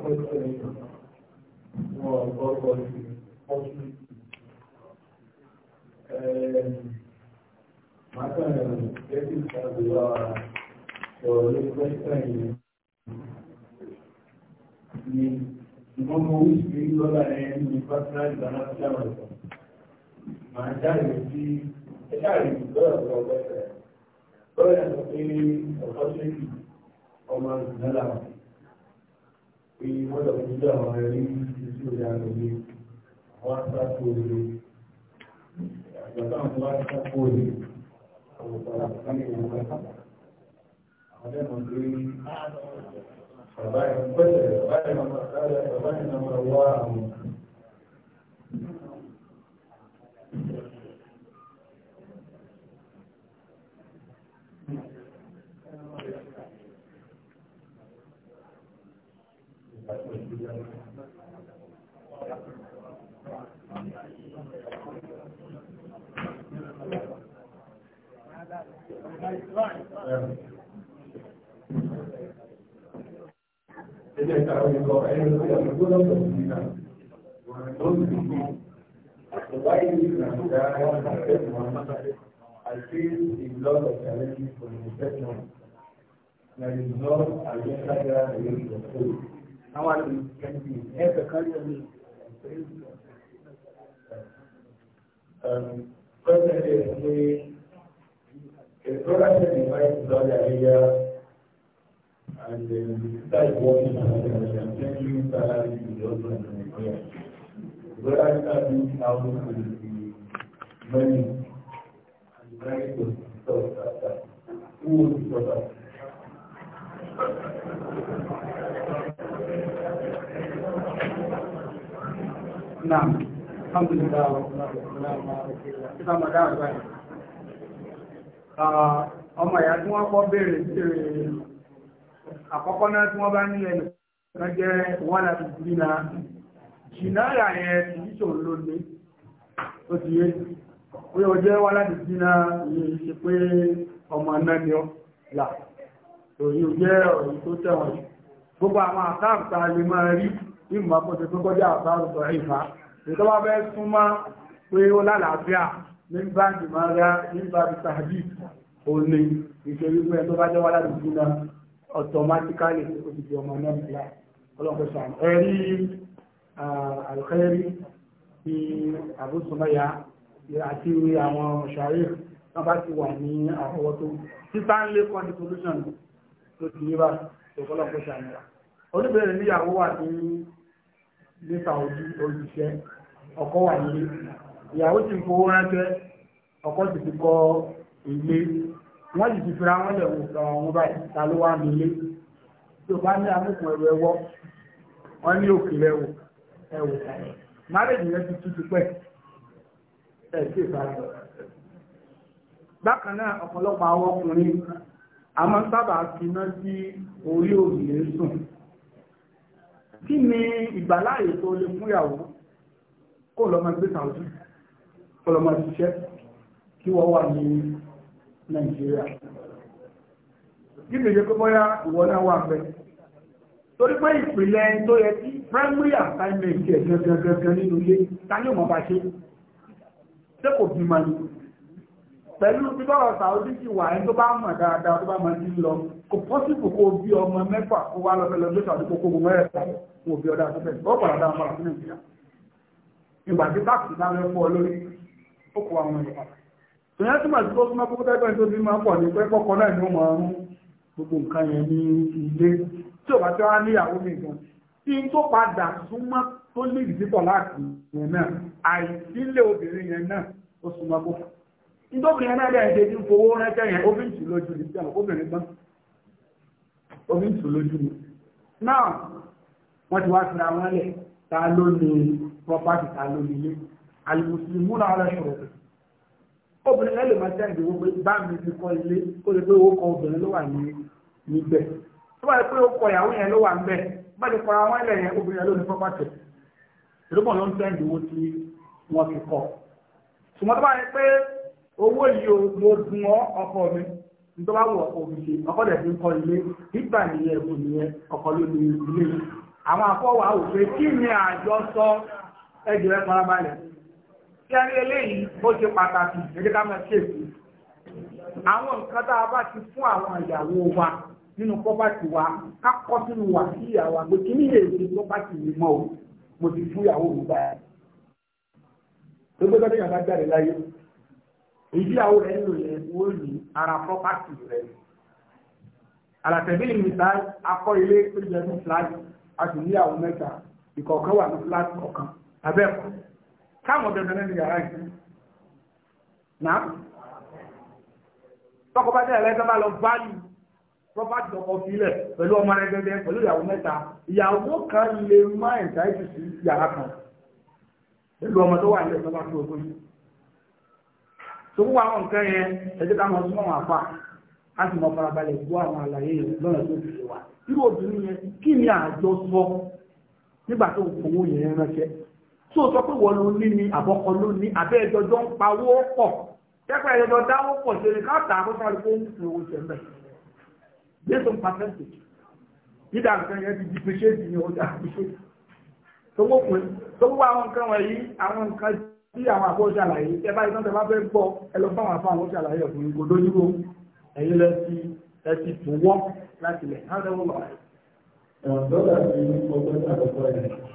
question more about what you and my friend getting as we are for this question ni ìwọ́n mọ̀ wíṣì ní lọ́la ẹni ní personal international record máa jáde sí ẹ̀ṣàrí lọ́rọ̀ tó ọgbẹ́sẹ̀ lọ́rọ̀ ẹ̀sọ̀ pé ọ̀pọ̀ ṣe ọmọ ìdílé làwọn pé wọ́n lọ sí àwọn ẹrí tí ó yà lóye àwọn àtàkù òye àgbàdo àwọn àtàkù òye àwọn ọ̀pọ̀lọpọ̀ àtàkù òye àwọn ẹ̀mọ́ pé bàbá ẹ̀ pẹ̀lẹ́ Ella él oportunidad. you I feel a lot of challenges for the second. There is no agenda against the food. How are can be ever currently? Um, presently, a brother said he Saudi Arabia and um, started working in Saudi Arabia and salary to the husband and the prayer. The brother started doing out with the money and the brother was disturbed after. Who was the brother? نعم الحمد لله والصلاه والسلام على رسول الله ọmọ ìyá tí wọ́n kọ́ béèrè àkọ́kọ́ náà tí wọ́n bá ní ẹnu wọ́n jẹ́ wọ́n láti jìnà jìnà yà yẹn tí ìṣò lónìí ó ti yé pé ó jẹ́ wọ́n láti jìnà yìí ṣe pé ọmọ náà ni ó là òyìn ó jẹ́ ọ̀rọ̀ tó tẹ̀wọ̀n gbogbo àwọn àkáàkùtà lè máa rí ìmọ̀ àpọ̀tẹ̀ tó kọjá àbárùtọ̀ ìfà ìtọ́wà bẹ́ẹ̀ súnmọ́ pé ó lálàáfíà ní báńkì máa rá ní báńkì tàbí òní ìṣẹ́ wípé ẹ̀ tó bá jẹ́ wá láti fún náà automatically ó di ọmọ náà nílá ọlọ́pọ̀ sàn ẹ̀rí àlùkẹ́rí ti àbúsùmọ́yà àti àwọn ṣàrí wọ́n bá ti wà ní àwọ̀ tó títà ń lé kan solution tó ti yíra ọ̀pọ̀lọpọ̀ sàn ìyàwó sì ń fowó ránṣẹ́ ọkọ sì ti kọ́ ilé wọ́n sì ti fira wọ́n lẹ̀ wò sọ̀rọ̀ wọn báyìí ta ló wà nílé tí o bá ní amúkùn ẹ̀rọ ẹwọ́ wọ́n ní òkè ẹ̀wò ẹ̀wò márèjì yẹn ti tútù pẹ́ ẹ̀ sí ìfaradà. bákan náà ọ̀pọ̀lọpọ̀ àwọn ọkùnrin a máa ń sábà finá sí orí òrùlé sùn kí ni ìgbàláàyè tó lè fún ìyàwó kó lọ́mọ gbé sàwùjú kọlọmọ ṣiṣẹ́ kí wọ́n wà ní nàìjíríà gígbèjẹ́ pé bọ́yá ìwọ náà wà bẹ́ torí pé ìpìlẹ̀ tó yẹ kí primary assignment ẹ̀ gangan nínú ilé tani ò mọ̀ bá ṣe ṣé kò bímọ ni pẹ̀lú bí bọ́rọ̀ sàódì ti wà ẹni tó bá mọ̀ dáadáa tó bá mọ̀ sí lọ kò pọ́sìbù kó bí ọmọ mẹ́fà kó wá lọ́fẹ́lẹ́ ló sàódì kó kókó mẹ́rẹ̀ fún òbí ọ̀dà tó bẹ̀rẹ̀ ó pàdà dáa mọ́ra fún nàìjíríà ìgbà tí táàkì dáa mẹ́fọ́ lórí ó kó àwọn ẹ̀kọ́ tòyá tí màá ti tó súnmọ́ púpọ̀ tẹ́gbẹ́ tó ti máa pọ̀ ní pẹ́ kọ́kọ́ náà ni ó máa ń gbogbo nǹkan yẹn ní ilé tí ò bá tí wá ní ìyàwó mi gan tí n tó padà súnmọ́ tó lè dìde pọ̀ láti yẹn náà àìsílẹ̀ obìnrin yẹn náà ó súnmọ́ púpọ̀ nítorí yẹn náà lẹ́yìn tẹ́jú fowó rẹ́jẹ́ yẹn ó fi ń tù lójú ní ìjọba obìnrin gbọ́n ó fi ń tù lójú ní náà wọ́n ti wá síra wọn lẹ̀ ta ló ní property ta ló ní ilé alimusulmuna aláṣọrọ obìnrin ẹ lè máa jẹ́ ìdíwọ́ pé bá mi ti kọ́ ilé ó lè pé owó kan obìnrin ló wà ní níbẹ̀ tó bá yẹ pé ó kọ ìyàwó yẹn ló wà ń bẹ̀ bá ti kọ́ra wọn lẹ̀ yẹn obìnrin ló ní pápá tẹ̀ ìrúbọ̀ ló ń jẹ́ ìdíwọ́ tí wọ́n fi kọ́ ṣùgbọ́n tó bá yẹ pé owó yìí o mo gun ọ wọ ọkọ ṣe ọkọ dẹ̀ fi ń kọ́ ilé nígbà nìyẹn ẹ̀bùn nìyẹn ọkọ ló ní ilé àwọn àfọwọ́ àwòṣe kí ni àjọ sọ ẹjọ́ ẹ tí a rí eléyìí ó ṣe pàtàkì gẹ́gẹ́ ká máa ṣèkú àwọn nǹkan tá a bá ti fún àwọn ìyàwó wa nínú pọ́pátì wa ká kọ́ sínú wà sí ìyàwó àgbẹ̀ kí ní èyí ti pọ́pátì mi mọ́ o mo ti fún ìyàwó mi báyìí. gbogbo gbọ́dọ̀ yàrá jáde láyé ìdíyàwó rẹ̀ ń lò yẹn wó ní ara pọ́pátì rẹ̀. àlàtẹ̀bí ìmìta akọ ilé tó jẹ́ fún fúláàtì a sì níyàwó mẹ́ta ìkọ̀ọ̀kan wà ní fúláàtì kọ̀ọ̀kan abẹ́ẹ̀kọ́ káwọn dandan lẹ́nu yàrá yìí náà tọkọ bá tẹ̀lé ẹgbẹ́ bá lọ báyìí property ọkọ̀ sílẹ̀ pẹ̀lú ọmọ rẹ̀ gẹ́gẹ́ pẹ̀lú ìyàwó mẹ́ta ìyàwó kan lè má ẹ̀dá ìtùsí yàrá kan pẹ̀lú ọmọ tó wà nílẹ̀ tó bá fi ogún yìí tó wà àwọn nǹkan yẹn ẹjẹ́ ká máa súnmọ́ àfà á sì máa farabalẹ̀ gbọ́ àwọn àlàyé lọ́nà tó fi wà irú obìnrin yẹn kí ni àjọ sọ nígbà tó ń fowó yẹn ránṣẹ́ tó sọ pé wọ́n ló ní ni àbọ̀kọ ló ní abẹ́ ẹjọ́jọ́ ń pawó pọ̀ tẹ́pẹ́ ẹjọ́jọ́ dáwó pọ̀ ṣe ni káàtà àkókò àti fún ìwò ṣẹ̀ mẹ́ based on percentage yídà nǹkan yẹn ti depreciate ni ọjà depreciate tó wó pé tó wó àwọn nǹkan wọ̀nyí àwọn nǹkan tí àwọn àbọ̀ ṣàlàyé tẹ bá ìtàn tẹ bá fẹ́ gbọ́ ẹ lọ bá àwọn àbọ̀ àwọn ṣàlàyé ọ̀gbìn kò dójúrò ẹ̀yin lẹ ti ẹ ti tún wọ́ láti lẹ̀ hàn lẹ́wọ̀n lọ́wọ́. ọ̀dọ́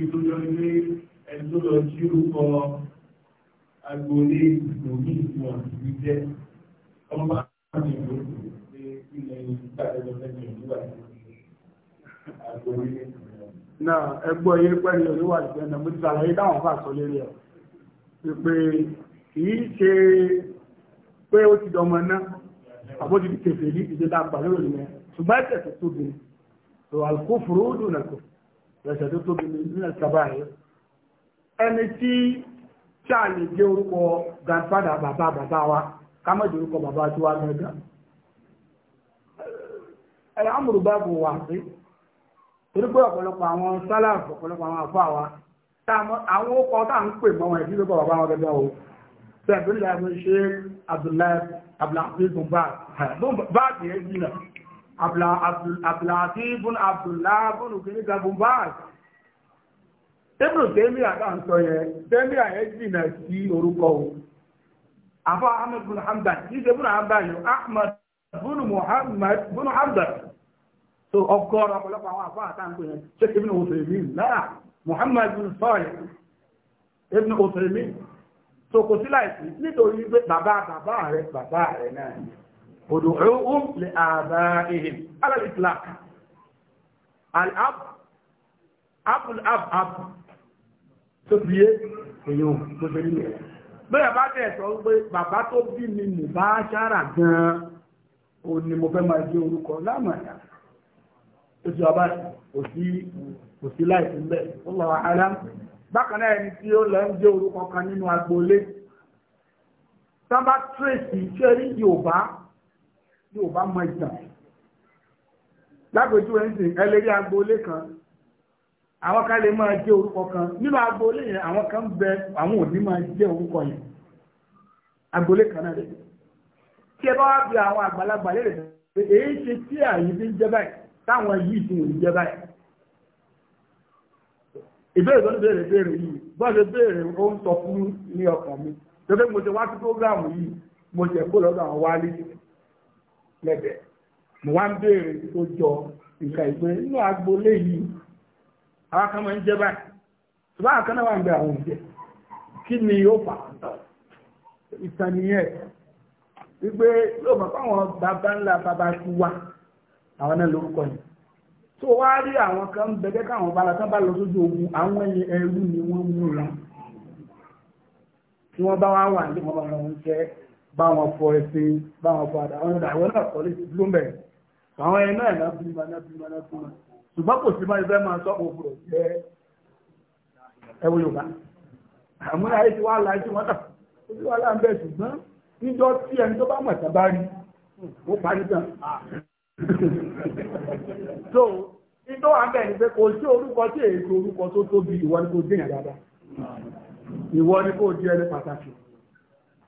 níbi tó jọ ilé ẹni tó lọ sí orúkọ agboolé ìgbòmí ìwọ̀n ìlú jẹ́ ọmọ àti ìlú ní ilẹ̀ ìgbàlejò lẹ́yìn ìlú agboolé. náà ẹgbọ́ yé pẹ́lú oníwà ìgbẹ́nà mo ti sàlàyé táwọn fà sọ lérí ẹ̀ pé kìí ṣe pé ó ti dọmọ náà àbójú ti kèfèrí ìdílé àgbà lórí yẹn ṣùgbọ́n ẹ̀ṣẹ̀ tó tóbi tó alkófòrò ó dùn nàkó ẹ̀ṣẹ̀ tó tóbi nílẹ̀ sábà yìí ẹni tí tí jẹ́ orúkọ grandfather bàbá bàbá wa ká mọ̀ jẹ́ orúkọ bàbá tí wàá gbẹ̀gà ẹ̀rọ amúrúbá bò wà sí torí pé ọ̀pọ̀lọpọ̀ àwọn sálàf ọ̀pọ̀lọpọ̀ àwọn àfọ àwa àwọn ó kọ́ tá à ń pè mọ́ wọn ìdílé bàbá wọn gẹ́gẹ́ o bẹ́ẹ̀ bí abdulhati bun abdullah bun kìíní gabun báàs ibùdó tẹ́mí àtàǹsọ yẹn tẹ́mí àyẹ́ jìnnà sí orúkọ o afọ ahmed bun hamdan níṣẹ́ bun hamdan yìí ahmed bun muhammad bun hamdan so ọgọ́rọ̀ ọ̀pọ̀lọpọ̀ àwọn afọ àtàǹsọ yẹn ṣé kí ibùdó òṣèré mi lára muhammad bun sọ́ọ̀yẹ̀ ibùdó òṣèré mi so kò sí láìsí nítorí pé bàbá bàbá rẹ bàbá rẹ náà yìí. ادعوهم لآبائهم على الإطلاق الأب أب الأب أب تبيه اليوم مجرمين bẹ́ẹ̀ bá tẹ̀ sọ pé bàbá tó bí mi mù bá ṣára gan-an o ni mo fẹ́ máa jẹ́ orúkọ lámàdà tó ti ọba kò sí láìsí mẹ́ ó lọ ara bákan náà ẹni tí ó lọ ń jẹ́ orúkọ kan nínú agboolé tán bá tírèsì tí ó rí Yorùbá yóò bá mọ ìtàn lápẹjú ẹ̀sìn ẹlẹ́rí agboolé kan àwọn kan lè máa jẹ́ orúkọ kan nínú agboolé yẹn àwọn kan bẹ àwọn òní máa jẹ́ orúkọ yẹn agboolé kan náà rẹ̀ tí ẹ bá wá bí àwọn àgbàlagbà lè rẹ̀ èyí ṣe tí àyè fi ń jẹ báyìí táwọn yìí ti wò ń jẹ báyìí ìbéèrè tó ń béèrè béèrè yìí bọ́ọ̀lù béèrè ó ń sọ fún ní ọkàn mi tó fẹ́ mo ti wá sí prógráàmù yìí mo jẹ́ kó lọ́dọ̀ àwọn wálé lẹ́bẹ̀ẹ́ mo wá ń béèrè tó jọ nǹkan ìpè nínú agboolé yìí àwọn kan máa ń jẹ báyìí ṣùgbọ́n àwọn kan náà wà ń bẹ àwọn òjẹ kí ni yóò fà ìtànìyàn wípé yóò mọ̀ fáwọn bàbá ńlá bàbá ti wá àwọn náà lórúkọ yìí tó wá rí àwọn kan ń bẹ̀gẹ́ káwọn bá lọ́tọ́ bá lọ sójú ogun àwọn ẹrú ni wọ́n mú lọ tí wọ́n bá wá wà ní ọmọ ọ̀rọ̀ ń jẹ́ bá wọn fọ ẹsìn bá wọn fọ àdá àwọn ọ̀dà àwọn náà kọ́lé sí bloomberg àwọn ẹ̀yìn náà náà bímọ náà bímọ náà bímọ ṣùgbọ́n kò sí máa fẹ́ máa sọ òwúrọ̀ jẹ́ ẹwọ yorùbá àmúra ayé ti wá la ẹjọ́ wọn náà ó ti wá láà ń bẹ̀ ṣùgbọ́n níjọ́ tí ẹni tó bá mọ̀ tá bá rí ó parí tán so ìjọ àbẹ̀ ní pé kò sí orúkọ tí èyí orúkọ tó tóbi ìwọ ni kò dé yàn dáadáa ìwọ ni kò jẹ́ ẹni pàtàkì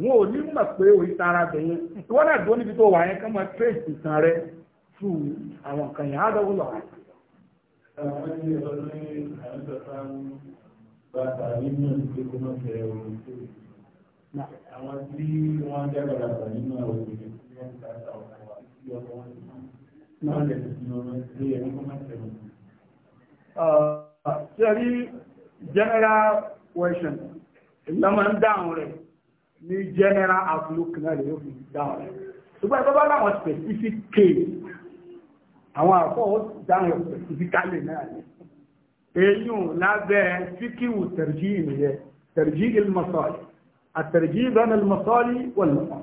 wọn ò ní mọ̀ pé orí tara bẹ̀yẹn wọ́n náà dúró níbi tó wà yẹn kán máa trace ìtàn rẹ fún àwọn nǹkan yẹn á lọ́wọ́ lọ́wọ́ àwọn tí wọ́n jẹ́ gbàgbà nínú àwọn òbí wọ́n ti ta ọ̀pọ̀ àti ọkọ̀ wọn ń lè fi ọ̀rọ̀ sí ẹni kó má tẹ̀lé. rí general question ìlànà ń dáhùn rẹ̀ ní general outlook náà lè yóò fi dáhùn rẹ̀ ṣùgbọ́n ẹgbẹ́ bá láwọn specific case àwọn àpọ̀ ó dáhùn specifically náà ni eyín lábẹ́ fíkíwù tẹ̀rìjì ìnìyẹn tẹ̀rìjì ilmọ̀sọ́lì àtẹ̀rìjì ìbẹ́nu ilmọ̀sọ́lì wọ̀lùmọ̀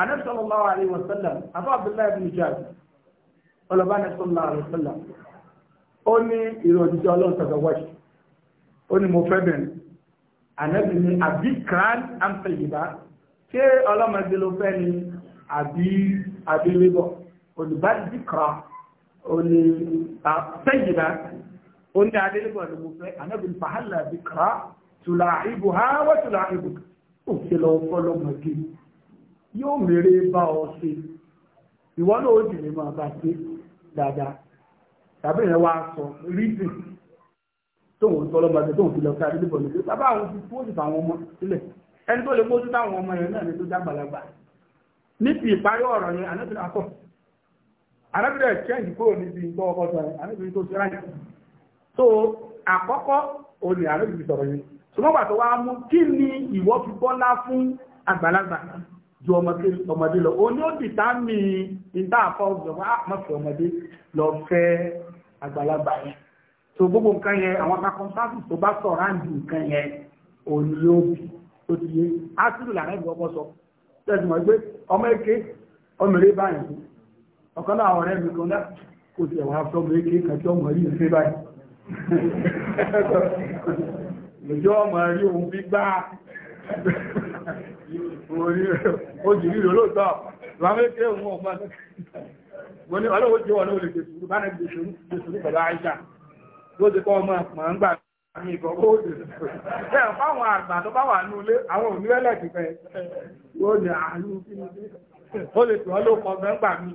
anabi sallallahu alayhi wa sallam abu abdullahi bin jaz ọlọba anabi sallallahu alayhi wa sallam ó ní ìròyìn tí ọlọ́run tàbí wáṣí ó ní mo fẹ́ bẹ̀rẹ̀ ànábì ni àbí kran amfẹ̀yìnbá ṣé ọlọ́mọdé ló fẹ́ ni àbí abẹ́lébọ̀ olùbádìkra olè fẹ̀yìnbá ó ní abẹ́lébọ̀ ló mú fẹ́ ànábì ni fàhálà bìkra tùlà ìbò ha wọ́n tùlà ìbò ó ṣe lọ fọlọ́mọdé yóò mèrè bá ọ ṣe ìwọ náà ó jì ní ṣe dáadáa tàbí ìyẹn wá sọ rídìí tóun ń tọ́lọ́mọ ẹgbẹ́ tóun fi lọ káàdé níbọ̀ ní bàbá àwọn fi fún òṣìṣẹ́ àwọn ọmọ sílẹ̀ ẹni tó lè mójú táwọn ọmọ yẹn náà ni tó jágbàlagbà níbi ìparí ọ̀rọ̀ yẹn anábìrin akọ anábìrin ẹ̀kẹ́ǹdì kúrò níbi ìgbọ́ ọkọ sọ yẹn anábìrin tó ṣe ráyè so àkọ́kọ́ òní anábìrin sọ̀rọ̀ yẹn ṣùgbọ́n pàtó wa mú kí ni ìwọ fi bọ́lá fún àgbàlagbà ju ọmọdé lọ òní ó dì tá mi ìta àfọ ọmọdé lọ fẹ́ àgbàlagbà yẹn so gbogbo nǹkan yẹn àwọn akọ̀ǹtàkì tó bá sọ ráǹdì nǹkan yẹn òun yóò bì tó ti yé ásìlù làrá ìlú ọkọ sọ tẹsí mọ̀ pé ọmọ èké ọmọ eré báyìí ọ̀kan náà ọ̀rẹ́ mi kan náà kò sí ẹ̀wọ̀n afọ́ ọmọ èké kàtí ọmọ rí ìfẹ́ báyìí lójú ọmọ rí ohun gbígbá ojú rí lóòótọ́ lámẹ́kẹ́ ohun ọmọ náà mo ní ọlọ́wọ́ jẹ́ wọn náà lè gbèsè bó kọ́ ọmọ àpọ̀ ń gbà ní ìkọ̀kọ́ òdì fáwọn àgbà tó bá wà ní ilé àwọn òníwẹ́lẹ̀ ti fẹ́ yóò ní àánú ó lè tọ́ ló kọ́ fẹ́ gbà mí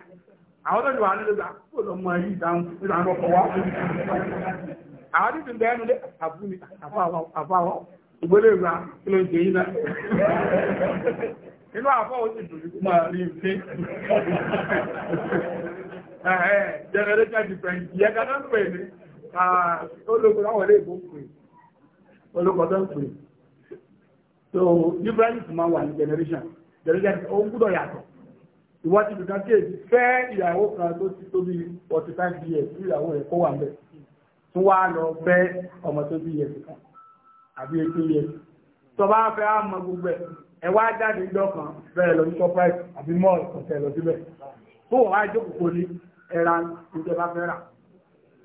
àwọn tó wà nílé nígbà tó wá àwọn tó ti bẹ́ẹ̀ nílé ìgbélé ìgbà kí ló ń yín náà inú kó máa rí Ah, olóko láwọn ilé ìbò ń pè olóko tó ń pè so difference máa wà ní generation generation ohun gbúdọ̀ yàtọ̀ ìwádìí ìdùnnà kéèjì fẹ́ ìyàwó kan tó ti tó bí forty years tí ìyàwó rẹ̀ kó wà mẹ́ tún wá lọ fẹ́ ọmọ tó bí years kan àbí eighteen years tó bá fẹ́ àmọ́ gbogbo ẹ̀ ẹ̀ wá jáde ìjọ kan bẹ́ẹ̀ lọ ní corporate àbí mall kọ̀ọ̀tẹ̀ lọ síbẹ̀ fún ọ̀há ìjókòó ní ẹran ìjọba fẹ́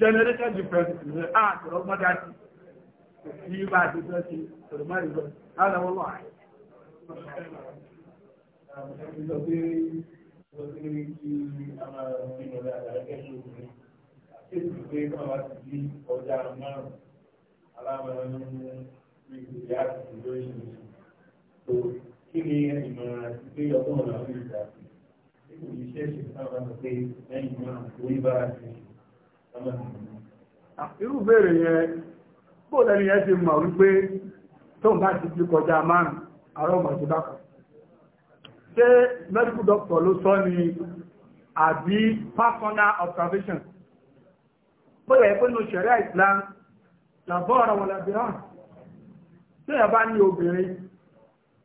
generation difference ní ààtì ọgbọ́dá sí sí bá a ti fẹ́ sí ọ̀rọ̀mọ́ ìgbọ́ lára wọn wà. Kí ni ìmọ̀ràn àti pé ọgbọ́n ọ̀nà orí ìdàkùn? Kí ni iṣẹ́ ìṣẹ́ ìpàdánù pé lẹ́yìn náà orí bá a ti ṣe? irú bèèrè yẹn bó lẹ́ni yẹn ti mọ̀ wípé tóun bá ti ju kọjá márùn àárọ̀ ọmọ ìjọba kan ṣé medical doctor ló sọ ni àbí personal observation bó yẹ pé ní òṣèré Islam làbọ́ ọ̀rọ̀ wọn làbí hàn tí èèyàn bá ní obìnrin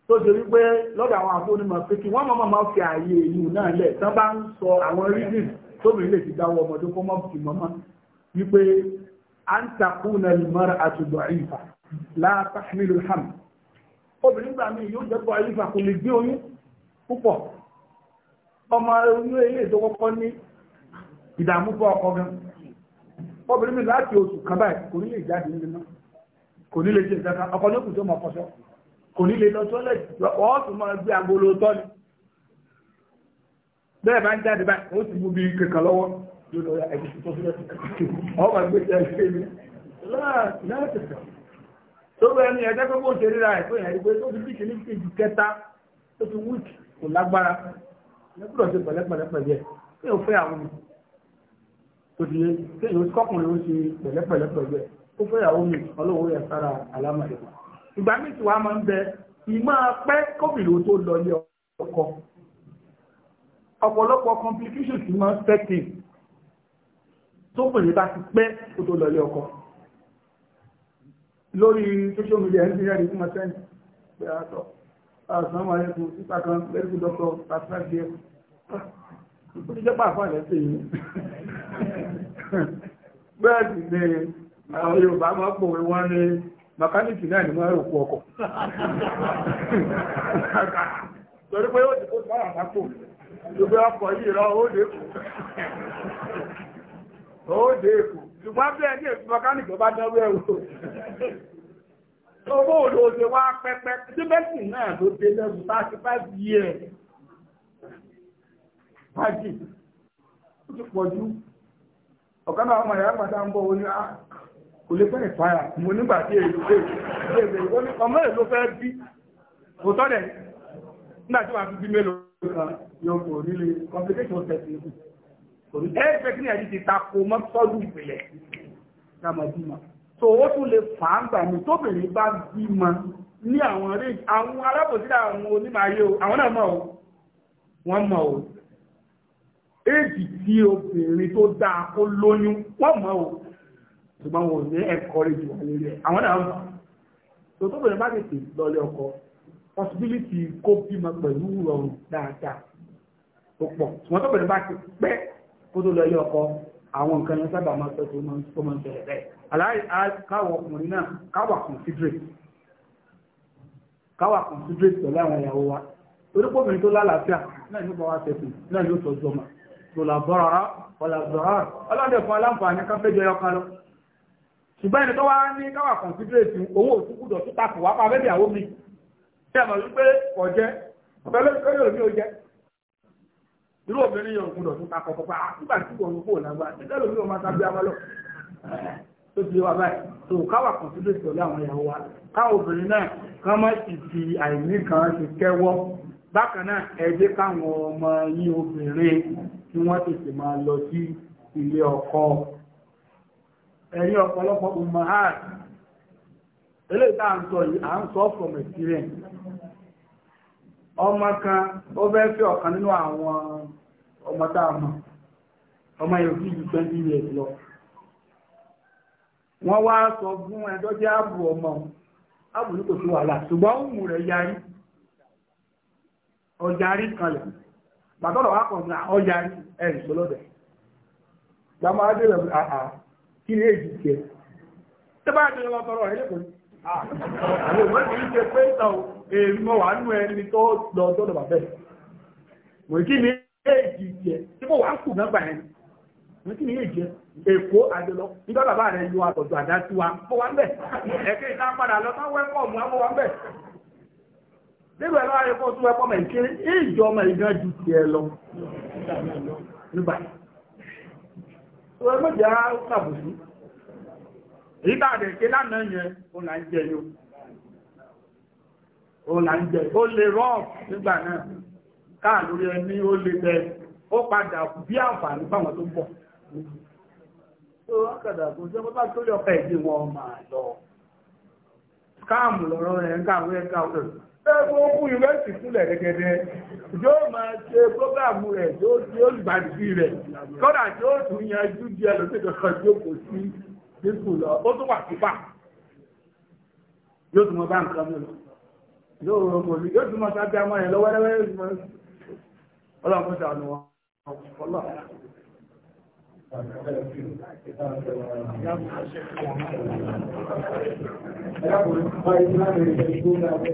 tó ṣe wípé lọ́dọ̀ àwọn àfọ́nímọ̀ pé kí wọ́n mọ̀ máa fi ààyè ìlú náà lẹ̀ tán bá ń sọ àwọn reasons tóbìnrin lè ti dáwọ́ ọmọdé kó mọ́ fi mọ́mọ́ wípé à ń takùn náà lè mọ́ra àtúndọ̀ àyífà láàpá nílò hàm obìnrin gbà mí yóò jẹ́pọ̀ àyífà kò lè gbé oyún púpọ̀ ọmọ oyún eyín ètò kọ́kọ́ ní ìdààmú bọ́ ọkọ gan obìnrin mi láti oṣù kan báyìí kò ní lè jáde nínú náà kò ní lè jẹ ìdáka ọkọ ní kùtọ́ mọ̀ ọkọ̀ sọ kò ní lè lọ tọ́lẹ̀ ọ̀ọ́sùn máa gbé agolo tọ́lẹ̀ bẹ́ẹ̀ bá ń jáde báyìí wọ́n ti mú bí kankan lọ́wọ́ yóò lọ ya ẹbí tó sílẹ̀ ọmọ ẹgbẹ́ ti ẹgbẹ́ mi láàrín tó bẹ́ẹ̀ ni ẹ̀jẹ̀ pé bó ṣe ríra ẹ̀ pé ẹ̀rí pé tó ti bí kìíní kejì kẹta tó ti wíìkì kò lágbára lẹ́kùrọ̀ ṣe pẹ̀lẹ́pẹ̀lẹ́ pẹ̀lẹ́ pé ó fẹ́ àwọn mi tó ti yé pé ìwé kọkùnrin ó ṣe pẹ̀lẹ́pẹ̀lẹ́ pẹ̀lẹ́ ó fẹ́ àwọn mi ọlọ́wọ́ yẹ sára àlámà ìgbà míì tí wàá máa ń bẹ ìmọ̀ pẹ́ kóbìnrin tó lọ ilé ọkọ ọ̀pọ̀lọpọ̀ complications ti máa ń tẹ́kì tó pèlè bá ti pẹ́ kó tó lọlé ọkọ lórí social media engineering fún mọ́sẹ́ni pé àtọ́ àṣàmà ẹkùn síta kan lẹ́rìkù dọ́kọ̀ pàtàkì ẹ̀ ó ti jẹ́ pàápàá lẹ́sẹ̀ yìí bẹ́ẹ̀ sì ni àwọn Yorùbá máa pòwe wọ́n ní makaniki náà ni wọ́n rò kú ọkọ̀ torí pé ó ti kó sára àtàkùn ṣùgbọ́n ọkọ̀ yìí rọ òde kù òde kù ṣùgbọ́n bí ẹni èsì mọkánìkì bá dánwó ẹ̀wò owó òdo ṣe wá pẹ́pẹ́ síbẹ̀sì náà ló dé lẹ́nu thirty five years pàjì ó ti pọ̀ jù ọ̀kan náà ọmọ ìyá pàtà ń bọ̀ wọ́n ní ah, kò lè fẹ́ ìfàyà mo nígbà tí èyí ló dé ọmọ èyí ló fẹ́ bí òótọ́ dẹ̀ nígbà tí wọ́n fi bí mélòó kan yóò kò nílé complication tẹ̀sí ẹgbẹ́ kí ni ẹ̀dí ti tako mọ́tọ́lù ìpìlẹ̀ dámọ̀ bímọ so ó tún lè fà á gbà mí tóbìnrin bá bímọ ní àwọn rí àwọn alábòsílẹ̀ àwọn onímọ̀ ayé o àwọn náà mọ̀ o wọ́n mọ̀ o èjì tí obìnrin tó dáa kó lóyún wọ́n mọ̀ o ṣùgbọ́n wọn ò ní ẹ̀kọ́ rẹ̀ jù wà lórí ẹ̀ àwọn náà mọ̀ so tóbìnrin bá tètè lọlé ọkọ possibility kó bímọ pẹ̀lú rọrùn dáadáa ó pọ̀ ṣùgbọ́n tó bẹ̀rẹ̀ bá ti pẹ́ kó tó lọ yí ọkọ àwọn nǹkan yẹn sábà máa sọ tó máa ń bẹ̀rẹ̀ bẹ́ẹ̀ aláì káwọ ọkùnrin náà káwà considerate káwà considerate pẹ̀lú àwọn ìyàwó wa onípòmìnir tó lálàáfíà náà ní bọ́wá tẹ̀sùn náà ní ó tọ́jú ọmọ tó làbọ́ra ọlàbọ́ra ọlọ́dẹ̀ fún aláǹfààní káfẹ́jọ yọ kan lọ ṣùgbọ́n ẹni tó wá ní káwà considerate owó òtúkúdọ̀ tó takò wá pa bẹ́ẹ̀ ṣe àmọ̀ wípé ọjọ jẹ́ pẹ̀lú ìkọ́lé òbí ò jẹ́ irú obìnrin yóò gbọdọ̀ tún takọ̀ pọ̀pọ̀ ah, nígbà tí kò ní kó lágbá ìkọ́lé òbí sábẹ́ amálọ̀ tó ti wà báyìí tó káwà kan tó ìyàwó wa obìnrin náà kán fi àìní kan ti kẹ́wọ́ bákan náà eléyìí à ń sọ yìí à ń sọ from experience ọmọ kan ó fẹ́ ọ̀kan nínú àwọn ọmọ tá a mọ̀ ọmọ yóò fi ju twenty years lọ wọ́n wá sọ fún ẹjọ́ jẹ́ ààbò ọmọ ààbò ní kò sí wàhálà ṣùgbọ́n òmù rẹ̀ yarí ọjàrí kanlẹ̀ kàn ní ọjàrí àwọn ìwọ́n kìí ṣe pé ìtàn èèmọ̀ wà nú ẹni tó wọ́n kí jẹ́ tí wà ń kù ẹni wọ́n kí èkó àjọlọ nígbà bàbá rẹ̀ yọ ń bẹ̀ ìbàdẹ̀ ké lánàá yẹn ó là ń jẹ yóò ó là ń jẹ ó lè rọ́ọ̀ nígbà náà káà lórí ẹni ó lè bẹ ó padà bí àǹfààní fáwọn tó ń bọ̀ tó rákàdà kò sí ọmọ bá tó lè ọkà ìdí wọn máa lọ káàmù lọ́rọ̀ rẹ̀ ń kàwé ẹ̀ka ọ̀rọ̀ ẹgbẹ́ òkú ìrẹsì fúnlẹ̀ yóò máa ṣe prógámù rẹ̀ yóò olùbàdìsí rẹ̀ kọ́dà tí tún yanjú díẹ̀ lọ́sẹ̀kọ̀ọ́ tí ó kò sí dínkù lọ ó tún wà pípà yóò tún mọ bá nǹkan mi lọ yóò rọ mọ yóò tún mọ sábẹ́ amọ yẹn lọ wẹ́rẹ́wẹ́rẹ́ yóò tún mọ Ọlọ́run kò sànù wọn ọlọ.